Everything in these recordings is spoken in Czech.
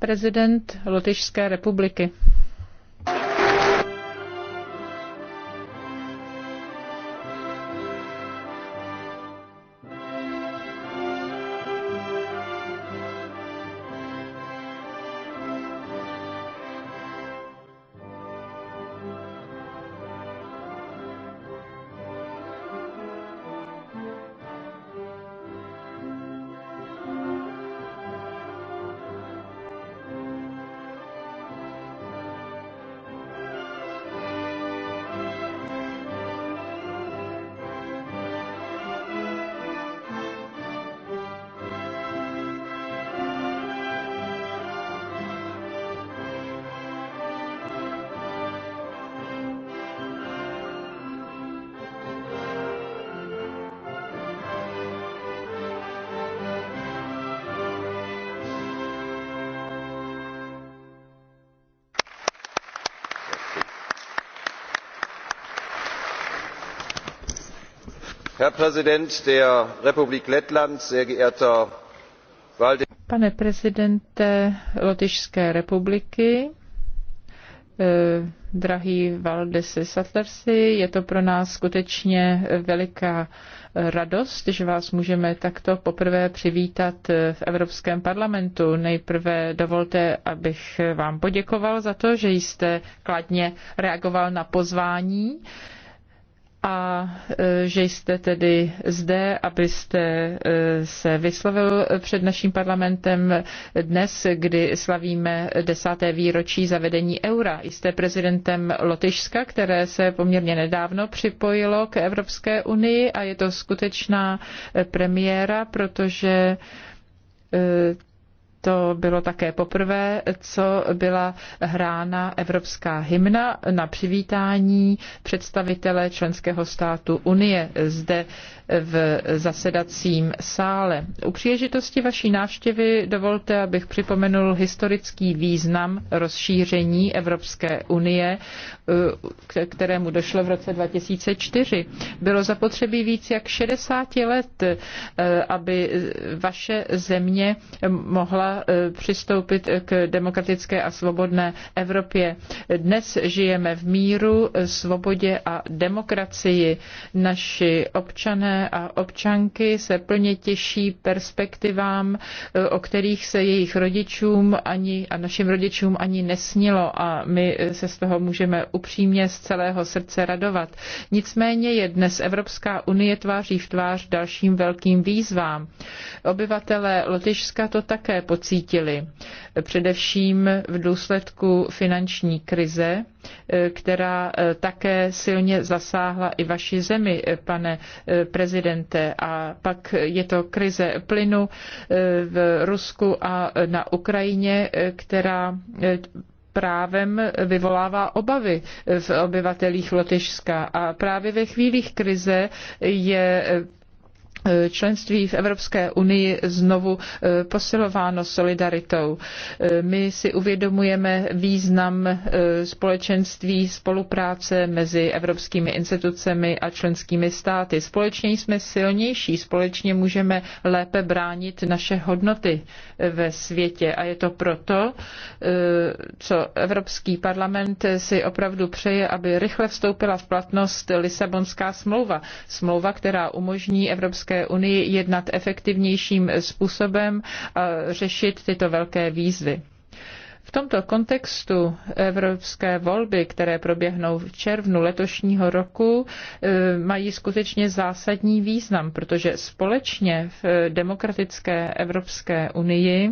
prezident Lotyšské republiky. herr präsident der republik lettland sehr geehrter pane prezidente lotyšské republiky eh, drahý valdise Satlersi, je to pro nás skutečně veliká radost, že vás můžeme takto poprvé přivítat eh, v Evropském parlamentu. Nejprve dovolte, abych vám poděkoval za to, že jste kladně reagoval na pozvání a e, že jste tedy zde, abyste e, se vyslovil před naším parlamentem dnes, kdy slavíme desáté výročí zavedení eura. Jste prezidentem Lotyšska, které se poměrně nedávno připojilo k Evropské unii a je to skutečná e, premiéra, protože to bylo také poprvé, co byla hrána evropská hymna na přivítání představitele členského státu Unie. Zde v zasedacím sále. U příležitosti vaší návštěvy dovolte, abych připomenul historický význam rozšíření Evropské unie, eh, k kterému došlo v roce 2004. Bylo zapotřebí víc jak 60 let, eh, aby vaše země mohla eh, přistoupit k demokratické a svobodné Evropě. Dnes žijeme v míru, svobodě a demokracii. Naši občané a občanky se plně těší perspektivám, eh, o kterých se jejich rodičům ani a našim rodičům ani nesnilo a my eh, se z toho můžeme upřímně z celého srdce radovat. Nicméně je dnes Evropská unie tváří v tvář dalším velkým výzvám. Obyvatelé Lotyšska to také pocítili, především v důsledku finanční krize, Eh, která eh, také silně zasáhla i vaši zemi, eh, pane prezidente. A pak je to krize plynu v Rusku a na Ukrajině, která právem vyvolává obavy v obyvatelích Lotyšska. A právě ve chvílích krize je Eh, členství v Evropské unii znovu eh, posilováno solidaritou. Eh, my si uvědomujeme význam společenství, spolupráce mezi evropskými institucemi a členskými státy. Společně jsme silnější, společně můžeme lépe bránit naše hodnoty ve světě a je to proto, co Evropský parlament si opravdu přeje, aby rychle vstoupila v platnost Lisabonská smlouva. Smlouva, která umožní Evropské Evropské unii jednat efektivnějším způsobem a řešit tyto velké výzvy. V tomto kontextu evropské volby, které proběhnou v červnu letošního roku, eh, mají skutečně zásadní význam, protože společně v demokratické Evropské unii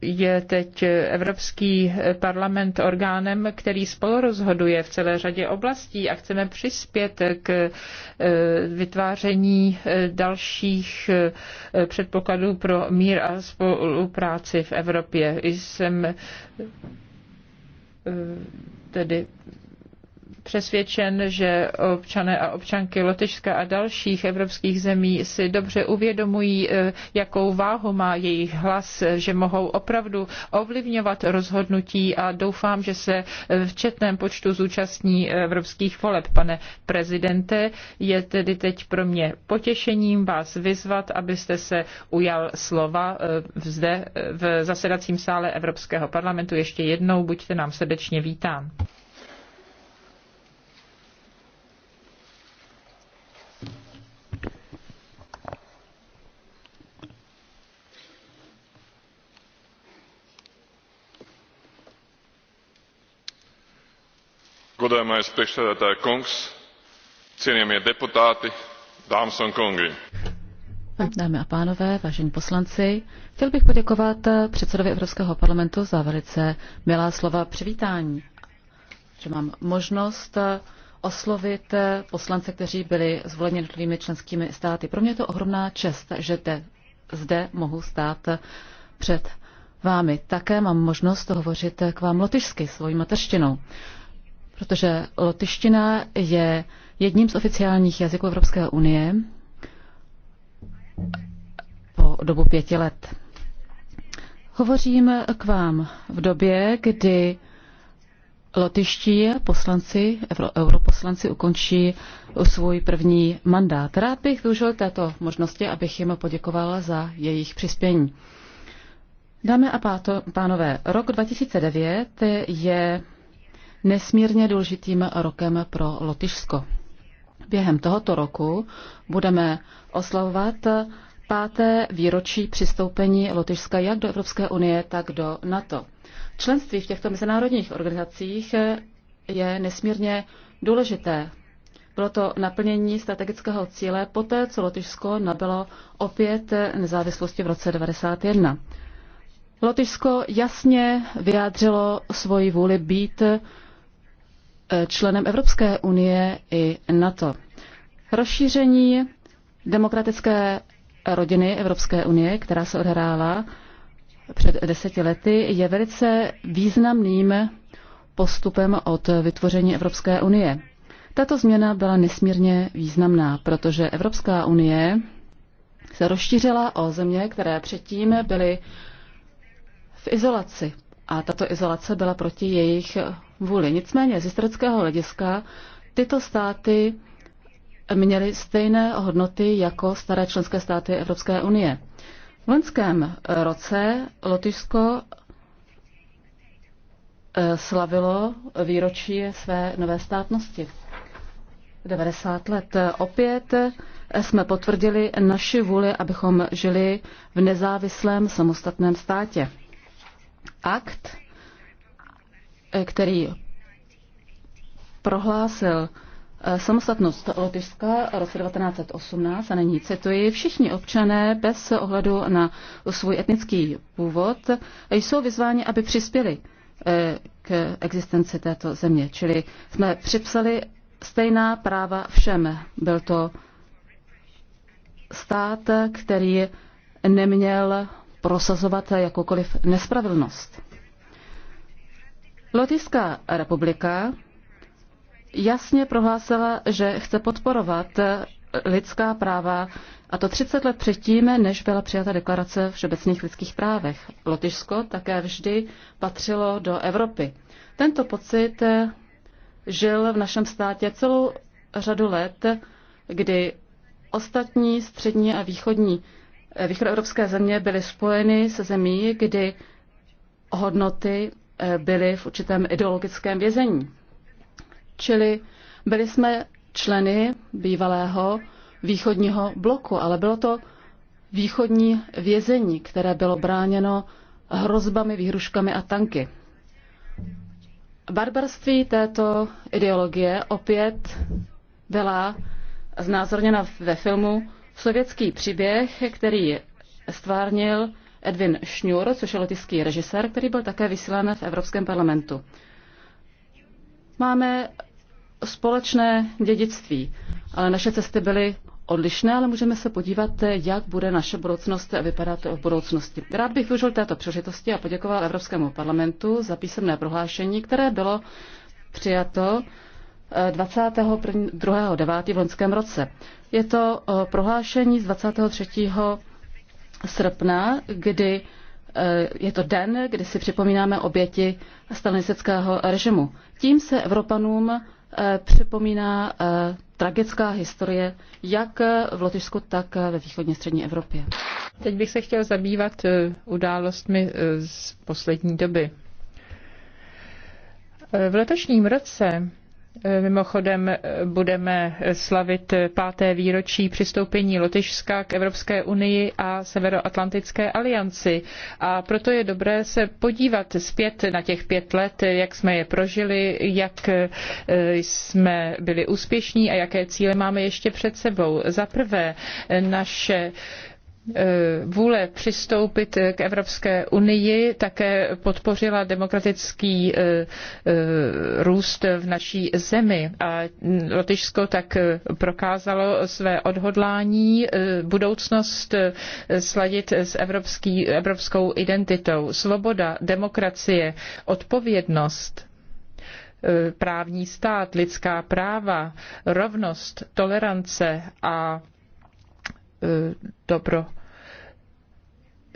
je teď Evropský parlament orgánem, který spolurozhoduje v celé řadě oblastí a chceme přispět k eh, vytváření eh, dalších eh, předpokladů pro mír a spolupráci v Evropě. Jsem tedy přesvědčen, že občané a občanky Lotyšska a dalších evropských zemí si dobře uvědomují, eh, jakou váhu má jejich hlas, že mohou opravdu ovlivňovat rozhodnutí a doufám, že se eh, v četném počtu zúčastní eh, evropských voleb. Pane prezidente, je tedy teď pro mě potěšením vás vyzvat, abyste se ujal slova zde v zasedacím sále Evropského parlamentu. Ještě jednou buďte nám srdečně vítán. godājamais priekšsēdētāja kungs, cienījamie deputáti, dámas un kungi. Dámy a pánové, vážení poslanci, chtěl bych poděkovat eh, předsedovi Evropského parlamentu za velice milá slova přivítání, že mám možnost eh, oslovit eh, poslance, kteří byli zvoleni jednotlivými členskými státy. Pro mě je to ohromná čest, že te, zde mohu stát před vámi. Také mám možnost hovořit k vám lotyšsky, svojí mateřštinou protože lotyština je jedním z oficiálních jazyků Evropské unie po dobu pěti let. Hovořím k vám v době, kdy lotyští poslanci, europoslanci ukončí svůj první mandát. Rád bych využil této možnosti, abych jim poděkovala za jejich přispění. Dámy a páto, pánové, rok 2009 je nesmírně důležitým rokem pro Lotyšsko. Během tohoto roku budeme oslavovat páté výročí přistoupení Lotyšska jak do Evropské unie, tak do NATO. Členství v těchto mezinárodních organizacích je nesmírně důležité. Bylo to naplnění strategického cíle poté, co Lotyšsko nabilo opět nezávislosti v roce 1991. Lotyšsko jasně vyjádřilo svoji vůli být členem Evropské unie i NATO. Rozšíření demokratické rodiny Evropské unie, která se odhrála před deseti lety, je velice významným postupem od vytvoření Evropské unie. Tato změna byla nesmírně významná, protože Evropská unie se rozšířila o země, které předtím byly v izolaci. A tato izolace byla proti jejich vůli. Nicméně z historického hlediska tyto státy měly stejné hodnoty jako staré členské státy Evropské unie. V loňském roce Lotyšsko eh, slavilo výročí své nové státnosti. 90 let. Opět eh, jsme potvrdili naši vůli, abychom žili v nezávislém samostatném státě. Akt Eh, který prohlásil eh, samostatnost Lotyšska roce 1918, a není cituji, všichni občané bez ohledu na svůj etnický původ jsou vyzváni, aby přispěli eh, k existenci této země. Čili jsme připsali stejná práva všem. Byl to stát, který neměl prosazovat jakoukoliv nespravedlnost. Lotyšská republika jasně prohlásila, že chce podporovat eh, lidská práva, a to 30 let předtím, než byla přijata deklarace v všeobecných lidských právech. Lotyšsko také vždy patřilo do Evropy. Tento pocit eh, žil v našem státě celou řadu let, kdy ostatní střední a východní eh, východoevropské země byly spojeny se zemí, kdy hodnoty Eh, byli v určitém ideologickém vězení. Čili byli jsme členy bývalého východního bloku, ale bylo to východní vězení, které bylo bráněno hrozbami, výhruškami a tanky. Barbarství této ideologie opět byla znázorněna ve filmu Sovětský příběh, který stvárnil Edwin Schnur, což je letyský režisér, který byl také vysílán v Evropském parlamentu. Máme společné dědictví, ale naše cesty byly odlišné, ale můžeme se podívat, jak bude naše budoucnost vypadat v budoucnosti. Rád bych využil této příležitosti a poděkoval Evropskému parlamentu za písemné prohlášení, které bylo přijato 22.9. Eh, v loňském roce. Je to eh, prohlášení z 23 srpna, kdy eh, je to den, kdy si připomínáme oběti stalinistického režimu. Tím se Evropanům eh, připomíná eh, tragická historie jak v Lotyšsku, tak ve východně střední Evropě. Teď bych se chtěl zabývat událostmi z poslední doby. V letošním roce Eh, mimochodem eh, budeme slavit páté výročí přistoupení Lotyšska k Evropské unii a Severoatlantické alianci. A proto je dobré se podívat zpět na těch pět let, jak jsme je prožili, jak eh, jsme byli úspěšní a jaké cíle máme ještě před sebou. Za prvé, naše Eh, vůle přistoupit eh, k Evropské unii také podpořila demokratický eh, růst v naší zemi a Lotyšsko tak prokázalo své odhodlání budoucnost sladit s evropský, evropskou identitou. Svoboda, demokracie, odpovědnost právní stát, lidská práva, rovnost, tolerance a dobro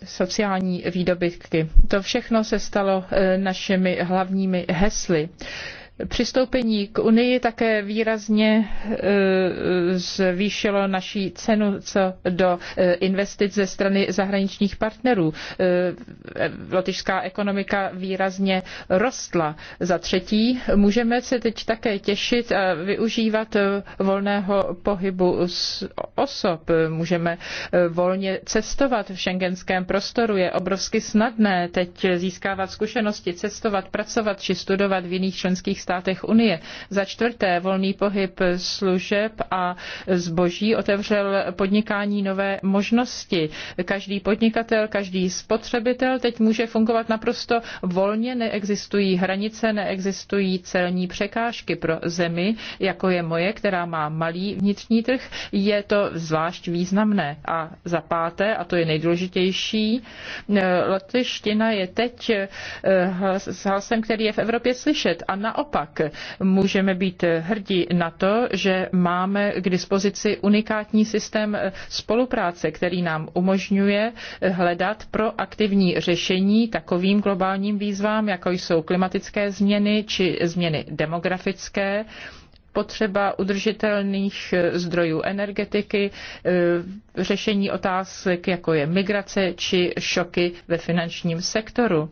sociální výdobytky. To všechno se stalo eh, našimi hlavními hesly přistoupení k Unii také výrazně e, zvýšilo naší cenu co do e, investic ze strany zahraničních partnerů. E, lotyšská ekonomika výrazně rostla. Za třetí, můžeme se teď také těšit a využívat volného pohybu osob. Můžeme volně cestovat v šengenském prostoru. Je obrovsky snadné teď získávat zkušenosti, cestovat, pracovat či studovat v jiných členských členských státech Unie. Za čtvrté, volný pohyb služeb a zboží otevřel podnikání nové možnosti. Každý podnikatel, každý spotřebitel teď může fungovat naprosto volně, neexistují hranice, neexistují celní překážky pro zemi, jako je moje, která má malý vnitřní trh, je to zvlášť významné. A za páté, a to je nejdůležitější, eh, lotyština je teď eh, s hlasem, který je v Evropě slyšet. A naopak Naopak, můžeme být hrdí na to, že máme k dispozici unikátní systém spolupráce, který nám umožňuje hledat proaktivní řešení takovým globálním výzvám, jako jsou klimatické změny či změny demografické, potřeba udržitelných eh, zdrojů energetiky, eh, řešení otázek, jako je migrace či šoky ve finančním sektoru.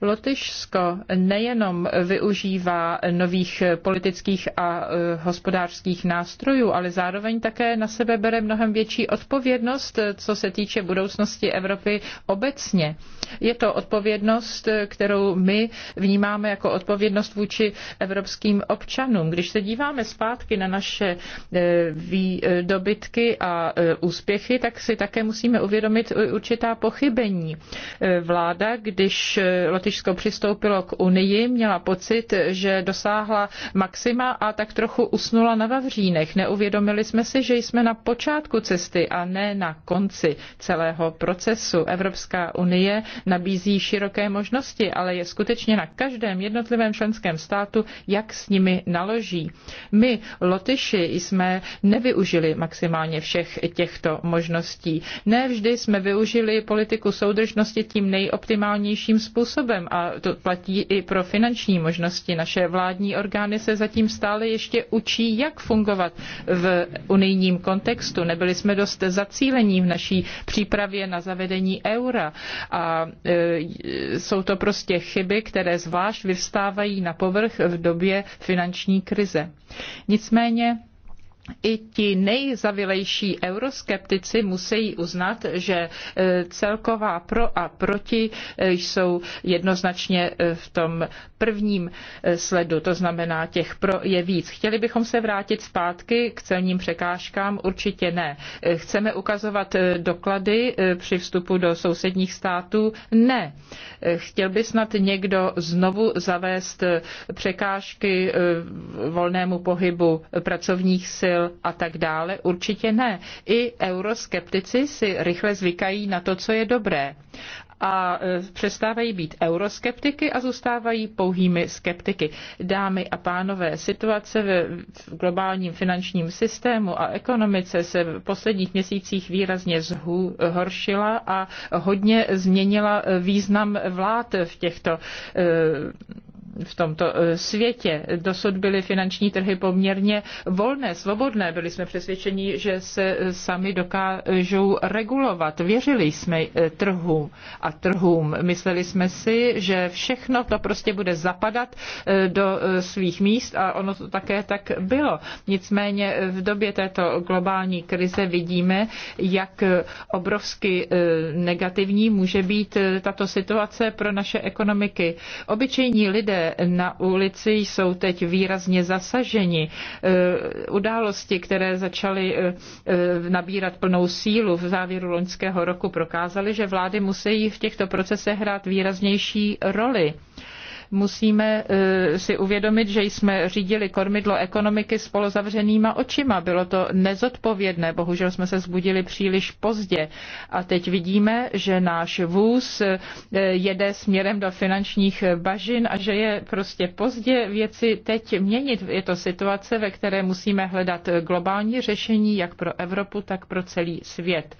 Lotyšsko nejenom využívá nových politických a eh, hospodářských nástrojů, ale zároveň také na sebe bere mnohem větší odpovědnost, co se týče budoucnosti Evropy obecně. Je to odpovědnost, kterou my vnímáme jako odpovědnost vůči evropským občanům. Když se dívám podíváme zpátky na naše e, e, dobytky a e, úspěchy, tak si také musíme uvědomit určitá pochybení. Vláda, když Lotyšsko přistoupilo k Unii, měla pocit, že dosáhla maxima a tak trochu usnula na Vavřínech. Neuvědomili jsme si, že jsme na počátku cesty a ne na konci celého procesu. Evropská unie nabízí široké možnosti, ale je skutečně na každém jednotlivém členském státu, jak s nimi naloží. My, Lotyši, jsme nevyužili maximálně všech těchto možností. Ne vždy jsme využili politiku soudržnosti tím nejoptimálnějším způsobem a to platí i pro finanční možnosti. Naše vládní orgány se zatím stále ještě učí, jak fungovat v unijním kontextu. Nebyli jsme dost zacílení v naší přípravě na zavedení eura a e, jsou to prostě chyby, které zvlášť vyvstávají na povrch v době finanční krize. Nicméně i ti nejzavilejší euroskeptici musí uznat, že e, celková pro a proti e, jsou jednoznačně e, v tom prvním sledu, to znamená těch pro je víc. Chtěli bychom se vrátit zpátky k celním překážkám? Určitě ne. Chceme ukazovat doklady při vstupu do sousedních států? Ne. Chtěl by snad někdo znovu zavést překážky volnému pohybu pracovních sil azyl a tak dále, určitě ne. I euroskeptici si rychle zvykají na to, co je dobré a e, přestávají být euroskeptiky a zůstávají pouhými skeptiky. Dámy a pánové, situace v globálním finančním systému a ekonomice se v posledních měsících výrazně zhoršila a hodně změnila e, význam vlád v těchto e, v tomto eh, světě. Dosud byly finanční trhy poměrně volné, svobodné. Byli jsme přesvědčeni, že se eh, sami dokážou regulovat. Věřili jsme eh, trhu a trhům. Mysleli jsme si, že všechno to prostě bude zapadat do svých míst a ono to také tak bylo. Nicméně v době této globální krize vidíme, jak obrovsky negativní může být tato situace pro naše ekonomiky. Obyčejní lidé na ulici jsou teď výrazně zasaženi. E, události, které začaly e, e, nabírat plnou sílu v závěru loňského roku, prokázaly, že vlády musí v těchto procesech hrát výraznější roli musíme e, si uvědomit, že jsme řídili kormidlo ekonomiky s polozavřenýma očima. Bylo to nezodpovědné, bohužel jsme se zbudili příliš pozdě. A teď vidíme, že náš vůz e, jede směrem do finančních bažin a že je prostě pozdě věci teď měnit. Je to situace, ve které musíme hledat globální řešení jak pro Evropu, tak pro celý svět.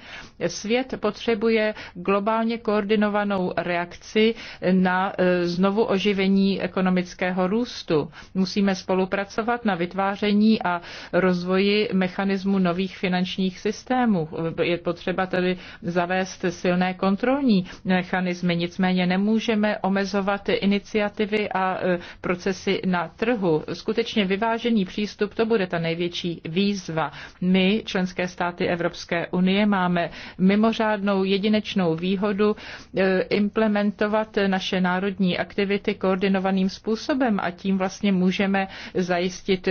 Svět potřebuje globálně koordinovanou reakci na e, znovu oživení zastavení ekonomického růstu. Musíme spolupracovat na vytváření a rozvoji mechanismu nových finančních systémů. Je potřeba tedy zavést silné kontrolní mechanismy, nicméně nemůžeme omezovat iniciativy a e, procesy na trhu. Skutečně vyvážený přístup, to bude ta největší výzva. My, členské státy Evropské unie, máme mimořádnou jedinečnou výhodu e, implementovat naše národní aktivity koordinovaným způsobem a tím vlastně můžeme zajistit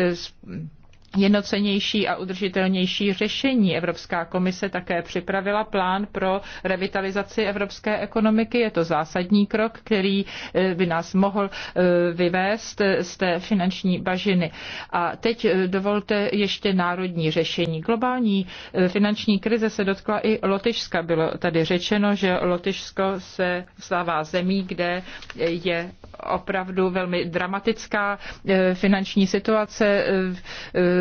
jednocenější a udržitelnější řešení. Evropská komise také připravila plán pro revitalizaci evropské ekonomiky. Je to zásadní krok, který eh, by nás mohl eh, vyvést eh, z té finanční bažiny. A teď dovolte ještě národní řešení. Globální finanční krize se dotkla i Lotyšska. Bylo tady řečeno, že Lotyšsko se stává zemí, kde je opravdu velmi dramatická finanční situace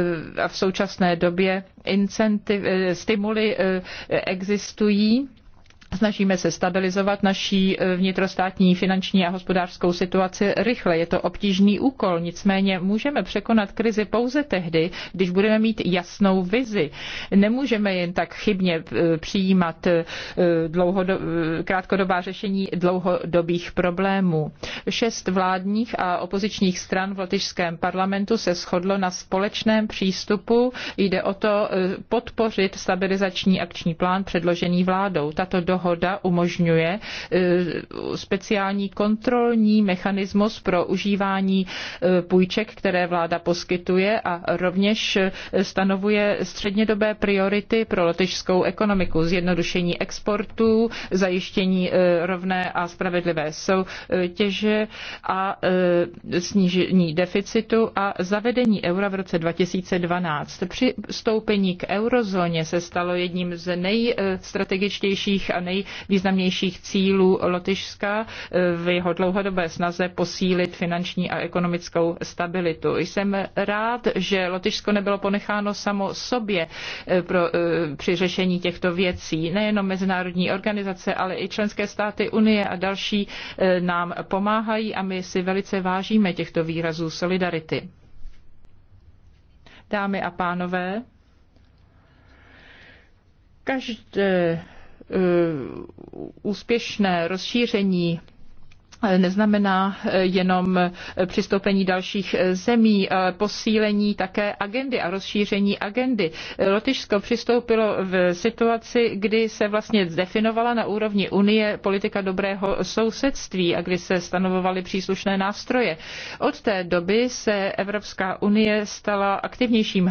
Eh, a v současné době eh, stimuly eh, existují Snažíme se stabilizovat naší eh, vnitrostátní finanční a hospodářskou situaci rychle. Je to obtížný úkol, nicméně můžeme překonat krizi pouze tehdy, když budeme mít jasnou vizi. Nemůžeme jen tak chybně eh, přijímat eh, dlouhodob, krátkodobá řešení dlouhodobých problémů. Šest vládních a opozičních stran v lotyšském parlamentu se shodlo na společném přístupu. Jde o to podpořit stabilizační akční plán předložený vládou. Tato do dohoda umožňuje e, speciální kontrolní mechanismus pro užívání e, půjček, které vláda poskytuje a rovněž e, stanovuje střednědobé priority pro lotyšskou ekonomiku, zjednodušení exportů, zajištění rovné a spravedlivé soutěže a snížení deficitu a zavedení eura v roce 2012. Při vstoupení k eurozóně se stalo jedním z nejstrategičtějších a nej nejvýznamnějších cílů Lotyšska eh, v jeho dlouhodobé snaze posílit finanční a ekonomickou stabilitu. Jsem rád, že Lotyšsko nebylo ponecháno samo sobě eh, pro, eh, při řešení těchto věcí. Nejenom mezinárodní organizace, ale i členské státy Unie a další nám pomáhají a my si velice vážíme těchto výrazů solidarity. Dámy a pánové, každé Eh, úspěšné rozšíření neznamená eh, jenom eh, přistoupení dalších eh, zemí, posílení také agendy a rozšíření agendy. Lotyšsko přistoupilo v situaci, kdy se vlastně definovala na úrovni Unie politika dobrého sousedství a kdy se stanovovaly příslušné nástroje. Od té doby se Evropská unie stala aktivnějším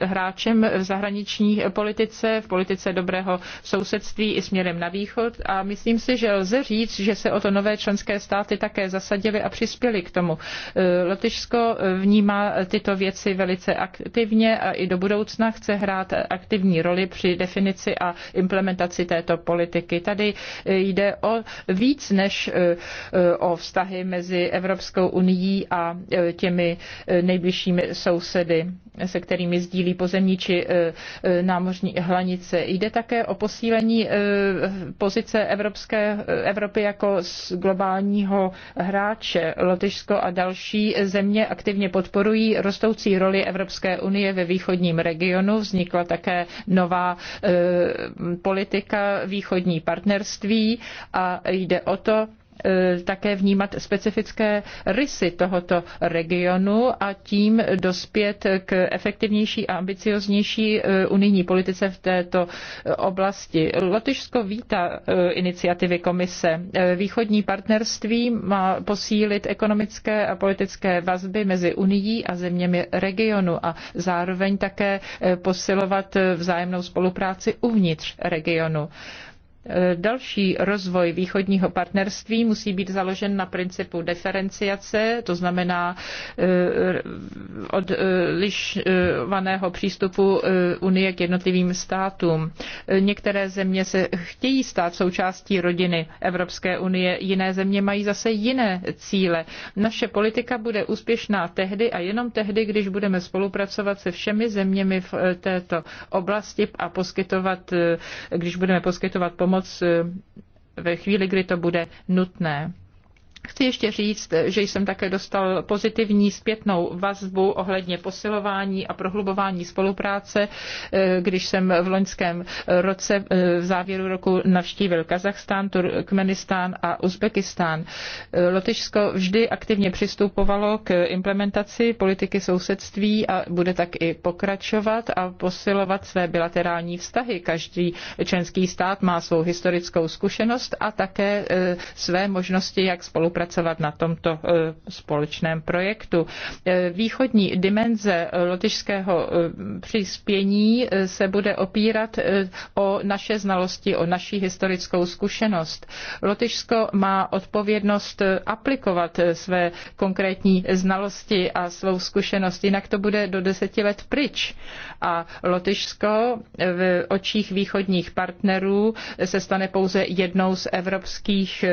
hráčem v zahraniční politice, v politice dobrého sousedství i směrem na východ a myslím si, že lze říct, že se o to nové členské členské státy také zasadily a přispěly k tomu. Eh, Lotyšsko eh, vnímá tyto věci velice aktivně a i do budoucna chce hrát aktivní roli při definici a implementaci této politiky. Tady eh, jde o víc než o vztahy mezi Evropskou unii a těmi nejbližšími sousedy, se kterými sdílí pozemní či námořní hlanice. Jde také o posílení pozice Evropské, Evropy jako globální globálního hráče. Lotyšsko a další země aktivně podporují rostoucí roli Evropské unie ve východním regionu. Vznikla také nová eh, politika východní partnerství a jde o to, Eh, také vnímat specifické rysy tohoto regionu a tím dospět k efektivnější a ambicioznější eh, unijní politice v této eh, oblasti. Lotyšsko vítá iniciativy komise. Východní partnerství má posílit ekonomické a politické vazby mezi Unií a zeměmi regionu a zároveň také posilovat vzájemnou spolupráci uvnitř regionu. Eh, další rozvoj východního partnerství musí být založen na principu diferenciace, to znamená eh, odlišovaného přístupu eh, Unie k jednotlivým státům. Některé země se chtějí stát součástí rodiny Evropské unie, jiné země mají zase jiné cíle. Naše politika bude úspěšná tehdy a jenom tehdy, když budeme spolupracovat se všemi zeměmi v této oblasti a poskytovat, když budeme poskytovat pomoci pomoc eh, ve chvíli, kdy to bude nutné. Chci ještě říct, že jsem také dostal pozitivní zpětnou vazbu ohledně posilování a prohlubování spolupráce, eh, když jsem v loňském roce eh, v závěru roku navštívil Kazachstán, Turkmenistán a Uzbekistán. Eh, Lotyšsko vždy aktivně přistupovalo k implementaci politiky sousedství a bude tak i pokračovat a posilovat své bilaterální vztahy. Každý členský stát má svou historickou zkušenost a také své možnosti, jak spolupracovat spolupracovat na tomto e, společném projektu. E, východní dimenze lotyšského e, přispění se bude opírat o naše znalosti, o naší historickou zkušenost. Lotyšsko má odpovědnost aplikovat své konkrétní znalosti a svou zkušenost, jinak to bude do deseti let pryč. A Lotyšsko v očích východních partnerů se stane pouze jednou z evropských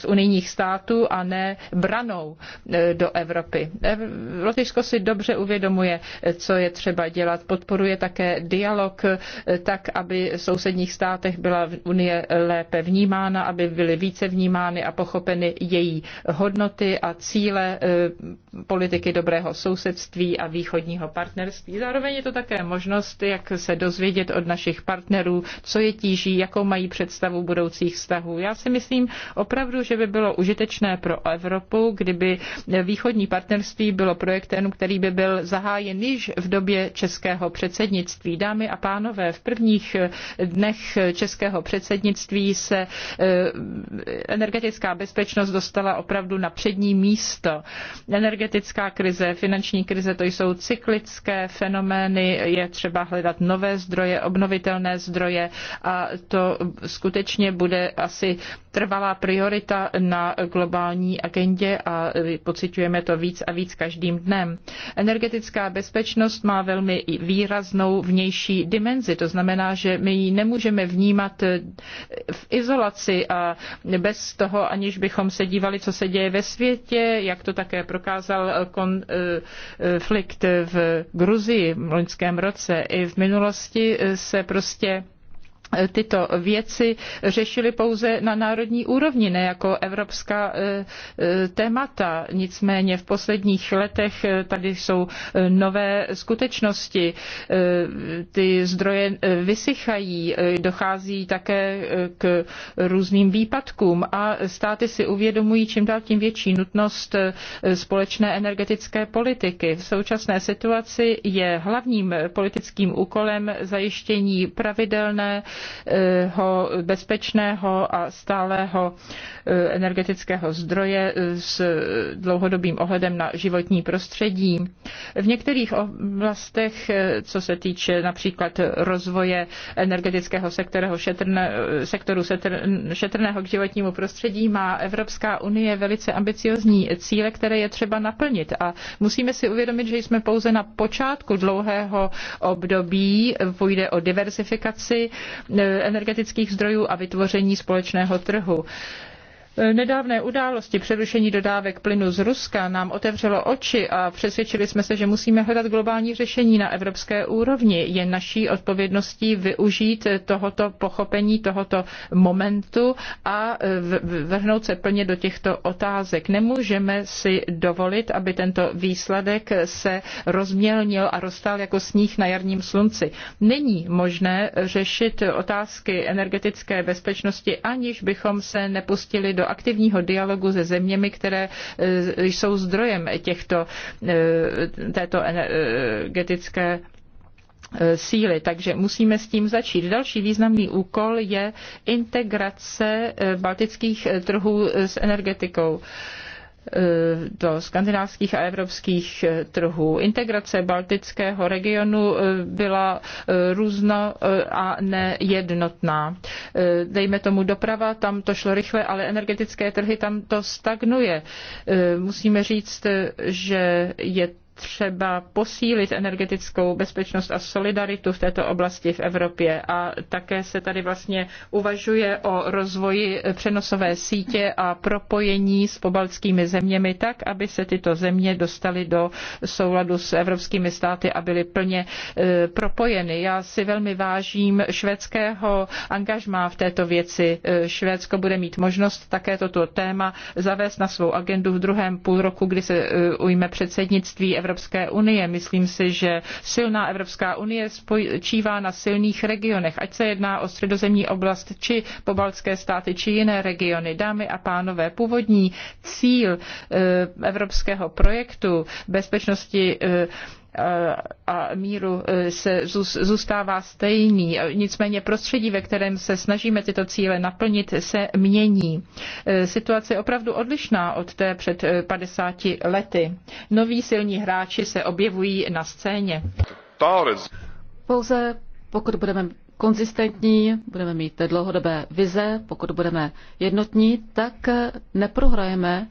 z unijních států a ne branou e, do Evropy. E, Lotyšsko si dobře uvědomuje, co je třeba dělat. Podporuje také dialog e, tak, aby v sousedních státech byla Unie lépe vnímána, aby byly více vnímány a pochopeny její hodnoty a cíle politiky dobrého sousedství a východního partnerství. Zároveň je to také možnost, jak se dozvědět od našich partnerů, co je tíží, jakou mají představu budoucích vztahů. Já si myslím opravdu opravdu, že by bylo užitečné pro Evropu, kdyby východní partnerství bylo projektem, který by byl zahájen již v době českého předsednictví. Dámy a pánové, v prvních dnech českého předsednictví se eh, energetická bezpečnost dostala opravdu na přední místo. Energetická krize, finanční krize, to jsou cyklické fenomény, je třeba hledat nové zdroje, obnovitelné zdroje a to skutečně bude asi trvalá priorita priorita na globální agendě a pocitujeme to víc a víc každým dnem. Energetická bezpečnost má velmi výraznou vnější dimenzi, to znamená, že my ji nemůžeme vnímat eh, v izolaci a bez toho, aniž bychom se dívali, co se děje ve světě, jak to také prokázal eh, konflikt eh, v Gruzii v loňském roce. I v minulosti se prostě Eh, tyto věci řešili pouze na národní úrovni, ne jako evropská eh, eh, témata. Nicméně v posledních letech tady jsou nové skutečnosti, ty zdroje vysychají, dochází také k různým výpadkům a státy si uvědomují čím dál tím větší nutnost společné energetické politiky. V současné situaci je hlavním politickým úkolem zajištění pravidelné Eh, bezpečného a stálého eh, energetického zdroje eh, s dlouhodobým ohledem na životní prostředí. V některých oblastech, co se týče například rozvoje energetického sektoru, šetrné, sektoru šetrného k životnímu prostředí, má Evropská unie velice ambiciozní cíle, které je třeba naplnit. A musíme si uvědomit, že jsme pouze na počátku dlouhého období, půjde o diversifikaci energetických zdrojů a vytvoření společného trhu. Nedávné události přerušení dodávek plynu z Ruska nám otevřelo oči a přesvědčili jsme se, že musíme hledat globální řešení na evropské úrovni. Je naší odpovědností využít tohoto pochopení, tohoto momentu a vrhnout se plně do těchto otázek. Nemůžeme si dovolit, aby tento výsledek se rozmělnil a roztal jako sníh na jarním slunci. Není možné řešit otázky energetické bezpečnosti, aniž bychom se nepustili do do aktivního dialogu se zeměmi, které eh, jsou zdrojem těchto, eh, této energetické eh, síly, takže musíme s tím začít. Další významný úkol je integrace baltických trhů s energetikou. Eh, do skandinávských a evropských eh, trhů. Integrace baltického regionu eh, byla různo a nejednotná. Dejme tomu doprava, tam to šlo rychle, ale energetické trhy tam to stagnuje. Musíme říct, že je třeba posílit energetickou bezpečnost a solidaritu v této oblasti v Evropě a také se tady vlastně uvažuje o rozvoji přenosové sítě a propojení s pobaltskými zeměmi tak, aby se tyto země dostaly do souladu s evropskými státy a byly plně e, propojeny. Já si velmi vážím švédského angažmá v této věci. E, Švédsko bude mít možnost také toto téma zavést na svou agendu v druhém roku, kdy se e, ujme předsednictví Evropské Evropské unie. Myslím si, že silná Evropská unie spočívá na silných regionech, ať se jedná o středozemní oblast či pobaltské státy či jiné regiony. Dámy a pánové, původní cíl eh, evropského projektu bezpečnosti eh, a míru eh, se zůstává stejný. Nicméně prostředí, ve kterém se snažíme tyto cíle naplnit, se mění. Eh, situace je opravdu odlišná od té před 50 eh, lety. Noví silní hráči se objevují na scéně. Pouze pokud budeme konzistentní, budeme mít dlouhodobé vize, pokud budeme jednotní, tak neprohrajeme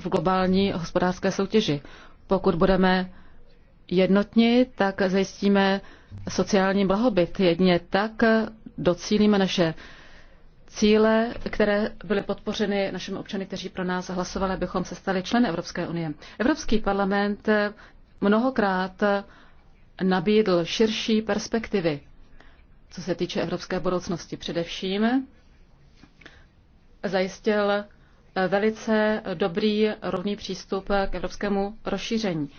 v globální hospodářské soutěži. Pokud budeme jednotní, tak zajistíme sociální blahobyt. Jedně tak docílíme naše cíle, které byly podpořeny našimi občany, kteří pro nás hlasovali, abychom se stali členy Evropské unie. Evropský parlament mnohokrát nabídl širší perspektivy, co se týče evropské budoucnosti. Především zajistil velice dobrý rovný přístup k evropskému rozšíření.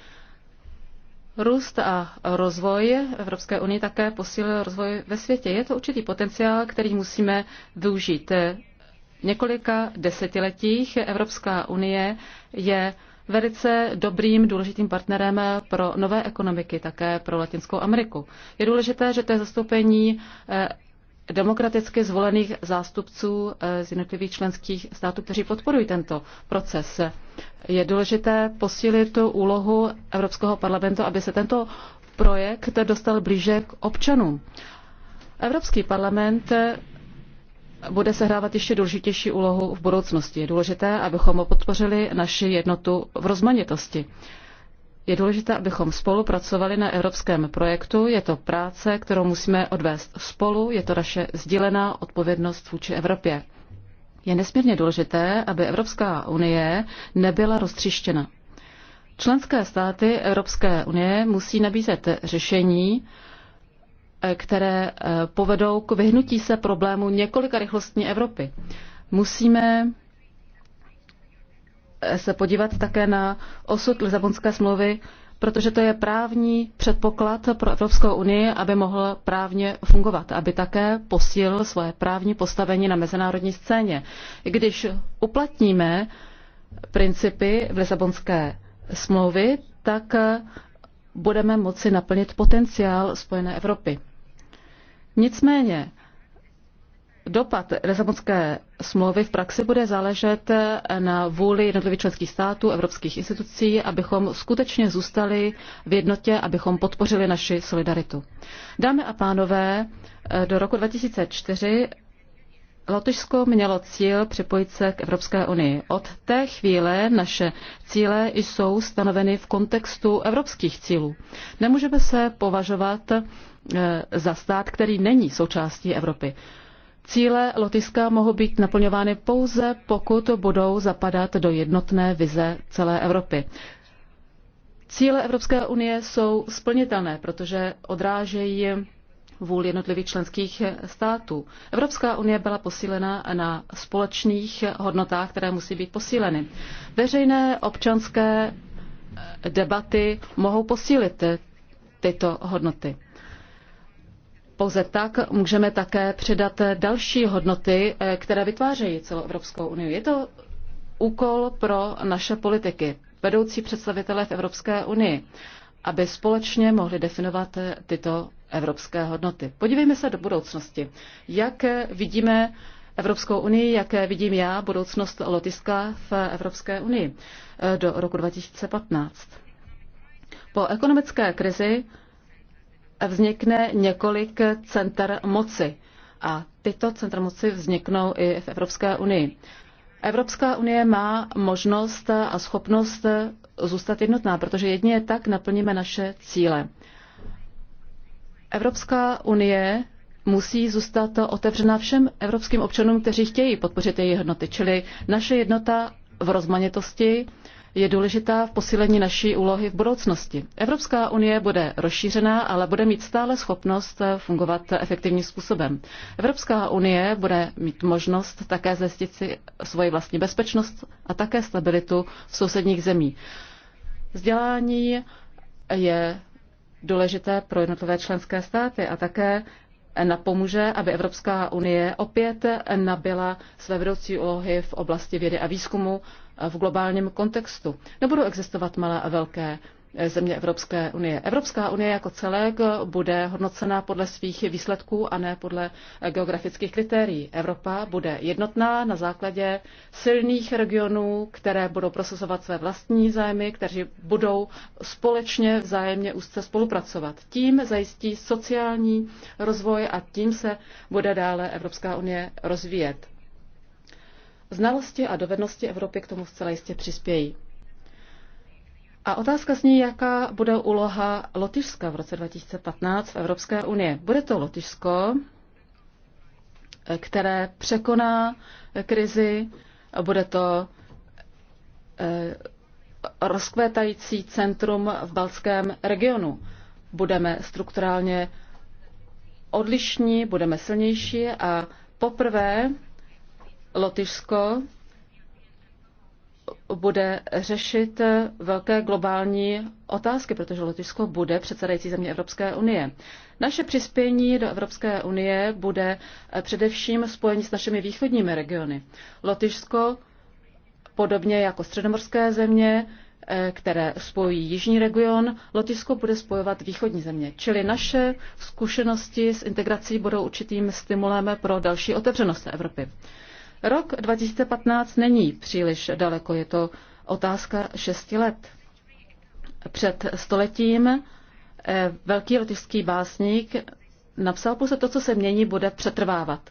Růst a rozvoj Evropské unie také posílil rozvoj ve světě. Je to určitý potenciál, který musíme využít. V několika desetiletích Evropská unie je velice dobrým, důležitým partnerem pro nové ekonomiky, také pro Latinskou Ameriku. Je důležité, že to je zastoupení eh, demokraticky zvolených zástupců eh, z jednotlivých členských států, kteří podporují tento proces. Je důležité posílit tu úlohu Evropského parlamentu, aby se tento projekt dostal blíže k občanům. Evropský parlament eh, bude sehrávat ještě důležitější úlohu v budoucnosti. Je důležité, abychom podpořili naši jednotu v rozmanitosti. Je důležité, abychom spolupracovali na evropském projektu. Je to práce, kterou musíme odvést spolu. Je to naše sdílená odpovědnost vůči Evropě. Je nesmírně důležité, aby Evropská unie nebyla roztřištěna. Členské státy Evropské unie musí nabízet řešení, eh, které eh, povedou k vyhnutí se problému několika rychlostní Evropy. Musíme se podívat také na osud Lisabonské smlouvy, protože to je právní předpoklad pro Evropskou unii, aby mohl právně fungovat, aby také posílil svoje právní postavení na mezinárodní scéně. Když uplatníme principy v Lisabonské smlouvy, tak eh, budeme moci naplnit potenciál Spojené Evropy. Nicméně Dopad Lisabonské smlouvy v praxi bude záležet na vůli jednotlivých členských států, evropských institucí, abychom skutečně zůstali v jednotě, abychom podpořili naši solidaritu. Dámy a pánové, do roku 2004 Lotyšsko mělo cíl připojit se k Evropské unii. Od té chvíle naše cíle jsou stanoveny v kontextu evropských cílů. Nemůžeme se považovat eh, za stát, který není součástí Evropy. Cíle Lotyšska mohou být naplňovány pouze, pokud budou zapadat do jednotné vize celé Evropy. Cíle Evropské unie jsou splnitelné, protože odrážejí vůli jednotlivých členských států. Evropská unie byla posílena na společných hodnotách, které musí být posíleny. Veřejné občanské debaty mohou posílit tyto hodnoty. Pouze tak můžeme také přidat další hodnoty, eh, které vytvářejí celou Evropskou unii. Je to úkol pro naše politiky, vedoucí představitele v Evropské unii, aby společně mohli definovat eh, tyto evropské hodnoty. Podívejme se do budoucnosti. Jak eh, vidíme Evropskou unii, jak vidím já budoucnost lotiska v Evropské unii do roku 2015. Po ekonomické krizi vznikne několik center moci. A tyto centra moci vzniknou i v Evropské unii. Evropská unie má možnost a schopnost zůstat jednotná, protože jedině tak naplníme naše cíle. Evropská unie musí zůstat otevřena všem evropským občanům, kteří chtějí podpořit její hodnoty, čili naše jednota v rozmanitosti je důležitá v posílení naší úlohy v budoucnosti. Evropská unie bude rozšířená, ale bude mít stále schopnost fungovat efektivním způsobem. Evropská unie bude mít možnost také zjistit si svoji vlastní bezpečnost a také stabilitu v sousedních zemí. Vzdělání je důležité pro jednotlivé členské státy a také napomůže, aby Evropská unie opět nabila své vedoucí úlohy v oblasti vědy a výzkumu, v globálním kontextu. Nebudou existovat malé a velké země Evropské unie. Evropská unie jako celek bude hodnocena podle svých výsledků a ne podle geografických kritérií. Evropa bude jednotná na základě silných regionů, které budou prosazovat své vlastní zájmy, kteří budou společně vzájemně úzce spolupracovat. Tím zajistí sociální rozvoj a tím se bude dále Evropská unie rozvíjet. Znalosti a dovednosti Evropy k tomu zcela jistě přispějí. A otázka zní, jaká bude úloha Lotyšska v roce 2015 v Evropské unii. Bude to Lotyšsko, které překoná krizi, bude to eh, rozkvétající centrum v Balském regionu. Budeme strukturálně odlišní, budeme silnější a poprvé Lotyšsko bude řešit velké globální otázky, protože Lotyšsko bude předsedající země Evropské unie. Naše přispění do Evropské unie bude především spojení s našimi východními regiony. Lotyšsko, podobně jako středomorské země, které spojují jižní region, Lotyšsko bude spojovat východní země. Čili naše zkušenosti s integrací budou určitým stimulem pro další otevřenost Evropy. Rok 2015 není příliš daleko, je to otázka šesti let. Před stoletím eh, velký lotyšský básník napsal pouze to, co se mění, bude přetrvávat.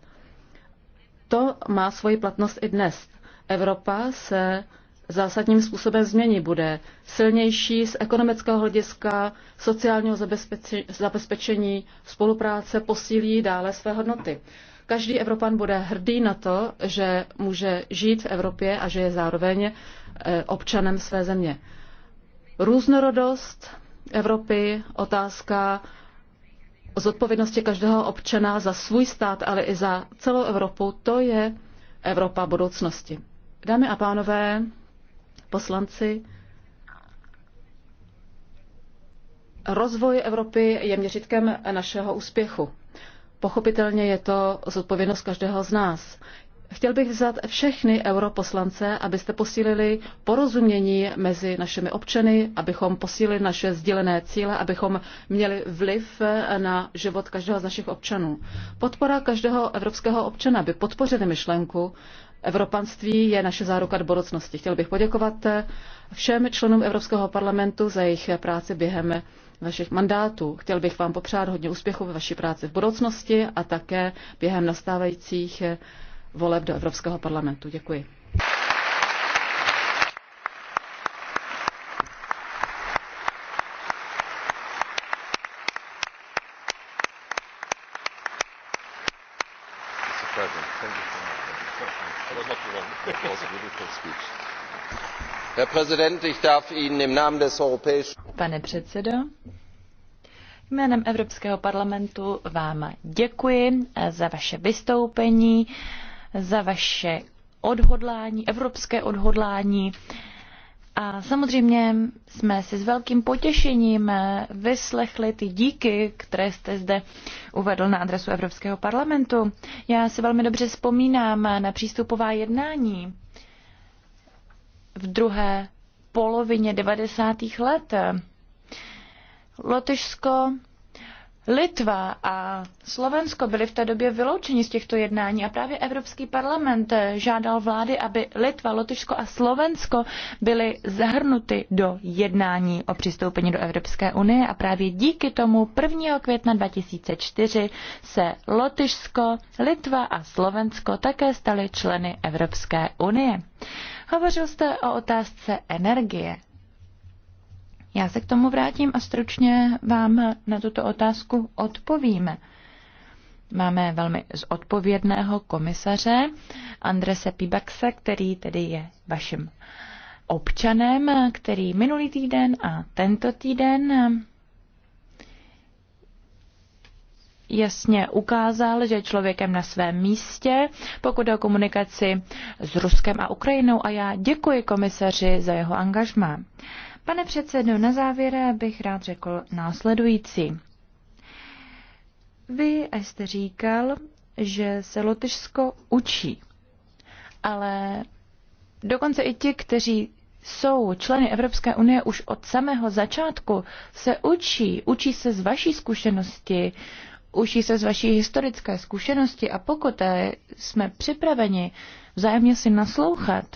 To má svoji platnost i dnes. Evropa se zásadním způsobem změní. Bude silnější z ekonomického hlediska, sociálního zabezpečení, spolupráce posílí dále své hodnoty. Každý Evropan bude hrdý na to, že může žít v Evropě a že je zároveň eh, občanem své země. Různorodost Evropy, otázka zodpovědnosti každého občana za svůj stát, ale i za celou Evropu, to je Evropa budoucnosti. Dámy a pánové, poslanci, rozvoj Evropy je měřitkem našeho úspěchu. Pochopitelně je to zodpovědnost každého z nás. Chtěl bych vzat všechny europoslance, abyste posílili porozumění mezi našimi občany, abychom posílili naše sdílené cíle, abychom měli vliv na život každého z našich občanů. Podpora každého evropského občana by podpořili myšlenku, Evropanství je naše záruka do budoucnosti. Chtěl bych poděkovat všem členům Evropského parlamentu za jejich práci během vašich mandátů. Chtěl bych vám popřát hodně úspěchu ve vaší práci v budoucnosti a také během nastávajících eh, voleb do Evropského parlamentu. Děkuji. Pane předsedo, Jménem Evropského parlamentu vám děkuji eh, za vaše vystoupení, za vaše odhodlání, evropské odhodlání. A samozřejmě jsme si s velkým potěšením eh, vyslechli ty díky, které jste zde uvedl na adresu Evropského parlamentu. Já si velmi dobře vzpomínám eh, na přístupová jednání v druhé polovině 90. let Lotyšsko, Litva a Slovensko byly v té době vyloučeni z těchto jednání a právě Evropský parlament žádal vlády, aby Litva, Lotyšsko a Slovensko byly zahrnuty do jednání o přistoupení do Evropské unie a právě díky tomu 1. května 2004 se Lotyšsko, Litva a Slovensko také staly členy Evropské unie. Hovořil jste o otázce energie. Já se k tomu vrátím a stručně vám na tuto otázku odpovíme. Máme velmi zodpovědného komisaře Andrese Pibakse, který tedy je vaším občanem, který minulý týden a tento týden jasně ukázal, že je člověkem na svém místě, pokud jde o komunikaci s Ruskem a Ukrajinou a já děkuji komisaři za jeho angažmá. Pane předsedo, na závěr bych rád řekl následující. Vy jste říkal, že se Lotyšsko učí, ale dokonce i ti, kteří jsou členy Evropské unie už od samého začátku, se učí, učí se z vaší zkušenosti, učí se z vaší historické zkušenosti a pokud jsme připraveni vzájemně si naslouchat,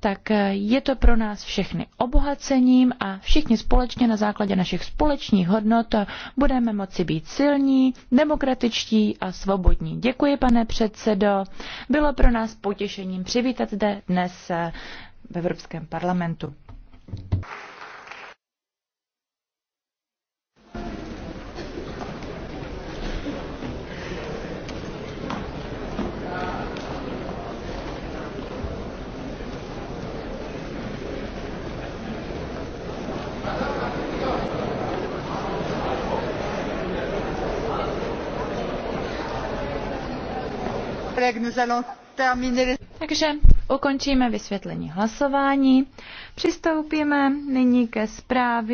tak eh, je to pro nás všechny obohacením a všichni společně na základě našich společných hodnot eh, budeme moci být silní, demokratičtí a svobodní. Děkuji, pane předsedo. Bylo pro nás potěšením přivítat zde dnes eh, v Evropském parlamentu. Takže ukončíme vysvětlení hlasování. Přistoupíme nyní ke zprávě.